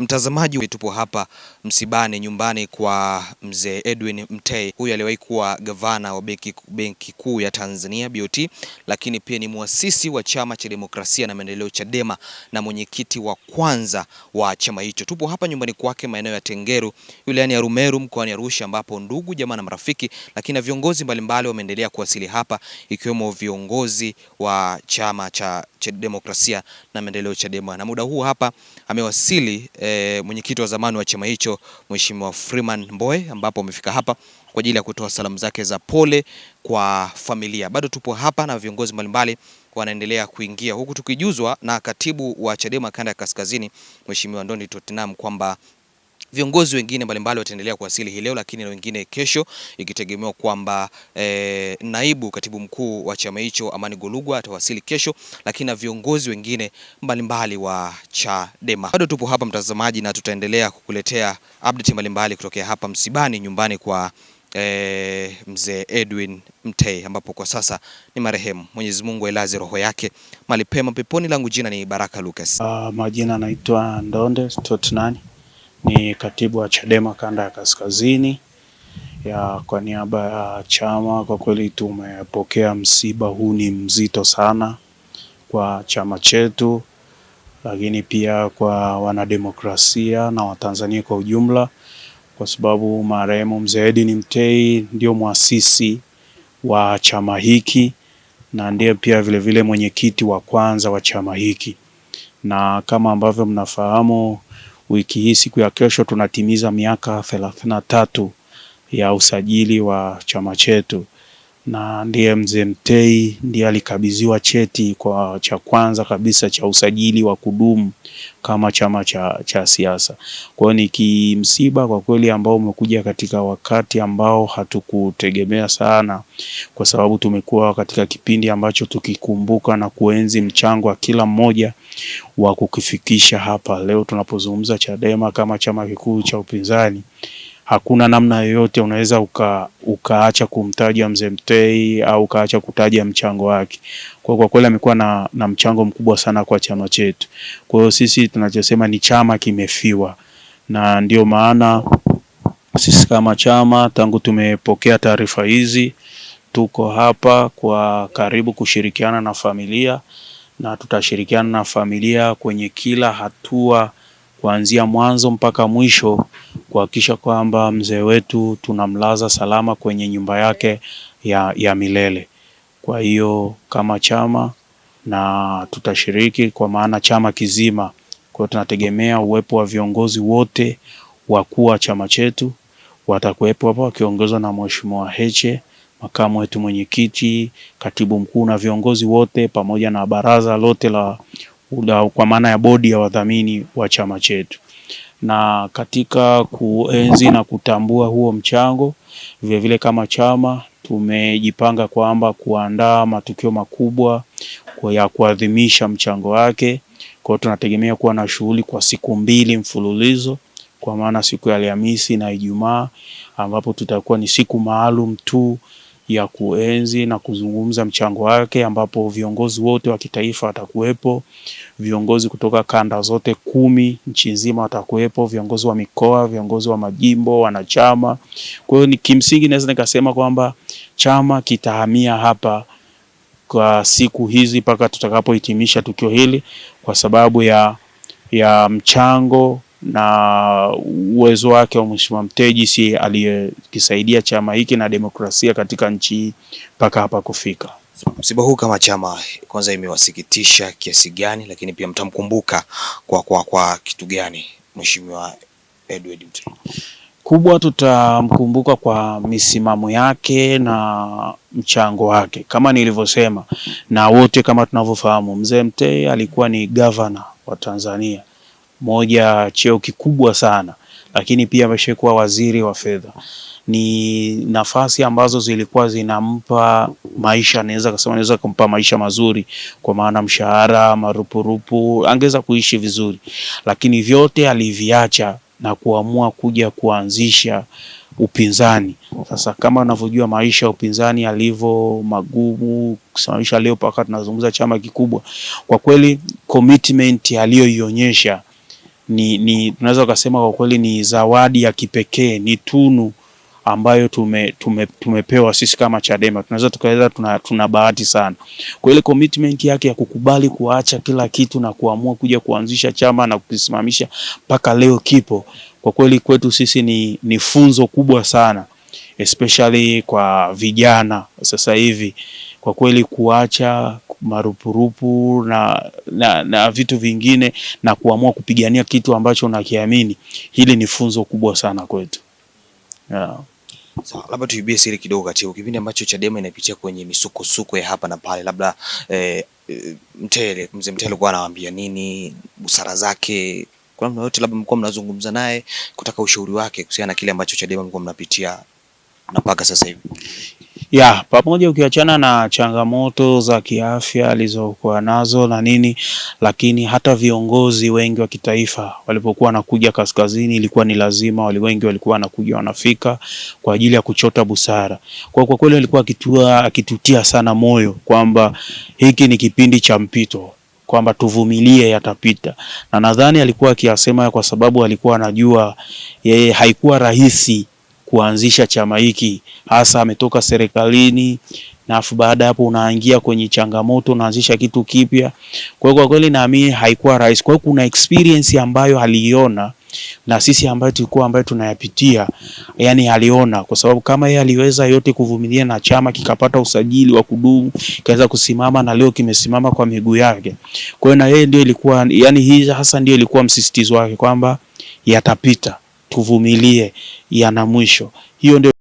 Mtazamaji, tupo hapa msibani nyumbani kwa mzee Edwin Mtei. Huyu aliwahi kuwa gavana wa benki, benki kuu ya Tanzania BOT, lakini pia ni mwasisi wa chama cha demokrasia na maendeleo Chadema na mwenyekiti wa kwanza wa chama hicho. Tupo hapa nyumbani kwake maeneo ya Tengeru wilayani ya Rumeru mkoani Arusha, ambapo ndugu jamaa na marafiki, lakini na viongozi mbalimbali wameendelea kuwasili hapa, ikiwemo viongozi wa chama cha cha demokrasia na maendeleo Chadema, na muda huu hapa amewasili e, mwenyekiti wa zamani wa chama hicho Mheshimiwa Freeman Mbowe, ambapo amefika hapa kwa ajili ya kutoa salamu zake za pole kwa familia. Bado tupo hapa na viongozi mbalimbali wanaendelea kuingia, huku tukijuzwa na katibu wa Chadema kanda ya kaskazini Mheshimiwa Ndondi Totinam kwamba Viongozi wengine mbalimbali wataendelea kuwasili hii leo, lakini na wengine kesho, ikitegemewa kwamba e, naibu katibu mkuu wa chama hicho Amani Golugwa atawasili kesho, lakini na viongozi wengine mbalimbali wa Chadema. Bado tupo hapa mtazamaji, na tutaendelea kukuletea update mbalimbali kutokea hapa msibani nyumbani kwa E, mzee Edwin Mtei ambapo kwa sasa ni marehemu. Mwenyezi Mungu ailaze roho yake mahali pema peponi. Langu jina ni Baraka Lucas. Uh, majina anaitwa Ndonde Stot ni katibu wa Chadema kanda ya kaskazini ya kwa niaba ya chama. Kwa kweli tumepokea msiba huu, ni mzito sana kwa chama chetu, lakini pia kwa wanademokrasia na Watanzania kwa ujumla, kwa sababu marehemu Mzee Edini Mtei ndio mwasisi wa chama hiki na ndiye pia vilevile mwenyekiti wa kwanza wa chama hiki, na kama ambavyo mnafahamu wiki hii siku ya kesho tunatimiza miaka thelathini na tatu ya usajili wa chama chetu na ndiye mzee Mtei ndiye alikabidhiwa cheti kwa cha kwanza kabisa cha usajili wa kudumu kama chama cha, cha siasa. Kwa hiyo ni kimsiba kwa kweli ambao umekuja katika wakati ambao hatukutegemea sana, kwa sababu tumekuwa katika kipindi ambacho tukikumbuka na kuenzi mchango wa kila mmoja wa kukifikisha hapa leo tunapozungumza Chadema kama chama kikuu cha upinzani hakuna namna yoyote unaweza uka, ukaacha kumtaja Mzee Mtei au ukaacha kutaja mchango wake. Kwa kwa kweli amekuwa na, na mchango mkubwa sana kwa chama chetu. Kwa hiyo sisi tunachosema ni chama kimefiwa, na ndio maana sisi kama chama tangu tumepokea taarifa hizi tuko hapa kwa karibu kushirikiana na familia na tutashirikiana na familia kwenye kila hatua kuanzia mwanzo mpaka mwisho kuhakikisha kwamba mzee wetu tunamlaza salama kwenye nyumba yake ya, ya milele. Kwa hiyo kama chama na tutashiriki kwa maana chama kizima. Kwa hiyo tunategemea uwepo wa viongozi wote wakuu wa chama chetu watakuwepo hapa wakiongozwa na Mheshimiwa Heche, makamu wetu mwenyekiti, katibu mkuu na viongozi wote pamoja na baraza lote la kwa maana ya bodi ya wadhamini wa chama chetu. Na katika kuenzi na kutambua huo mchango, vilevile kama chama tumejipanga kwamba kuandaa matukio makubwa kwa ya kuadhimisha mchango wake. Kwa hiyo tunategemea kuwa na shughuli kwa siku mbili mfululizo, kwa maana siku ya Alhamisi na Ijumaa, ambapo tutakuwa ni siku maalum tu ya kuenzi na kuzungumza mchango wake, ambapo viongozi wote wa kitaifa watakuwepo, viongozi kutoka kanda zote kumi nchi nzima watakuwepo, viongozi wa mikoa, viongozi wa majimbo, wanachama. Kwa hiyo ni kimsingi naweza nikasema kwamba chama kitahamia hapa kwa siku hizi mpaka tutakapohitimisha tukio hili kwa sababu ya, ya mchango na uwezo wake wa Mheshimiwa Mteji aliyekisaidia chama hiki na demokrasia katika nchi hii mpaka hapa kufika. Msiba huu kama chama kwanza imewasikitisha kiasi gani, lakini pia mtamkumbuka kwa, kwa, kwa kitu gani Mheshimiwa Edward Mtei? Kubwa tutamkumbuka kwa misimamo yake na mchango wake kama nilivyosema, na wote kama tunavyofahamu, mzee Mtei alikuwa ni gavana wa Tanzania moja cheo kikubwa sana, lakini pia ameshakuwa waziri wa fedha. Ni nafasi ambazo zilikuwa zinampa maisha, naweza kusema naweza kumpa maisha mazuri, kwa maana mshahara, marupurupu, angeweza kuishi vizuri, lakini vyote aliviacha na kuamua kuja kuanzisha upinzani. Sasa kama unavyojua maisha ya upinzani yalivyo magumu, kusababisha leo mpaka tunazungumza chama kikubwa. Kwa kweli commitment aliyoionyesha ni, ni tunaweza kusema kwa kweli ni zawadi ya kipekee, ni tunu ambayo tume, tume, tumepewa sisi kama Chadema. Tunaweza tukaweza tuna, tuna bahati sana kwa ile commitment yake ya kukubali kuacha kila kitu na kuamua kuja kuanzisha chama na kukisimamisha mpaka leo kipo. Kwa kweli kwetu sisi ni, ni funzo kubwa sana especially kwa vijana sasa hivi kwa kweli kuacha marupurupu na, na, na vitu vingine na kuamua kupigania kitu ambacho unakiamini. Hili ni funzo kubwa sana kwetu yeah. labda tuibie siri kidogo kati kipindi ambacho Chadema inapitia kwenye misukosuko ya hapa na pale, labda eh, Mtele, mzee Mtele alikuwa anawaambia nini, busara zake, kuna namna yote labda mlikuwa mnazungumza naye kutaka ushauri wake kuhusiana na kile ambacho Chadema mlikuwa mnapitia na mpaka sasa hivi? ya pamoja, ukiachana na changamoto za kiafya alizokuwa nazo na nini, lakini hata viongozi wengi wa kitaifa walipokuwa wanakuja kaskazini, ilikuwa ni lazima wali wengi walikuwa wanakuja wanafika kwa ajili ya kuchota busara. Kwa kwa kweli alikuwa akitua akitutia sana moyo kwamba hiki ni kipindi cha mpito kwamba tuvumilie, yatapita. Na nadhani alikuwa akiyasema kwa sababu alikuwa anajua yeye, haikuwa rahisi kuanzisha chama hiki, hasa ametoka serikalini na baada hapo unaingia kwenye changamoto, unaanzisha kitu kipya. Kwa hiyo kwa kweli naamini haikuwa rahisi. Kwa hiyo kuna experience ambayo aliiona na sisi ambayo tulikuwa ambayo tunayapitia, yani aliona, kwa sababu kama yeye aliweza yote kuvumilia na chama kikapata usajili wa kudumu kaweza kusimama na leo kimesimama kwa miguu yake. Kwa hiyo na yeye ndio ilikuwa, yani hii hasa ndio ilikuwa msisitizo wake kwamba yatapita tuvumilie, yana mwisho. Hiyo ndio